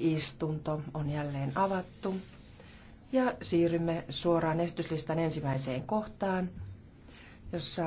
Istunto on jälleen avattu. Ja siirrymme suoraan esityslistan ensimmäiseen kohtaan, jossa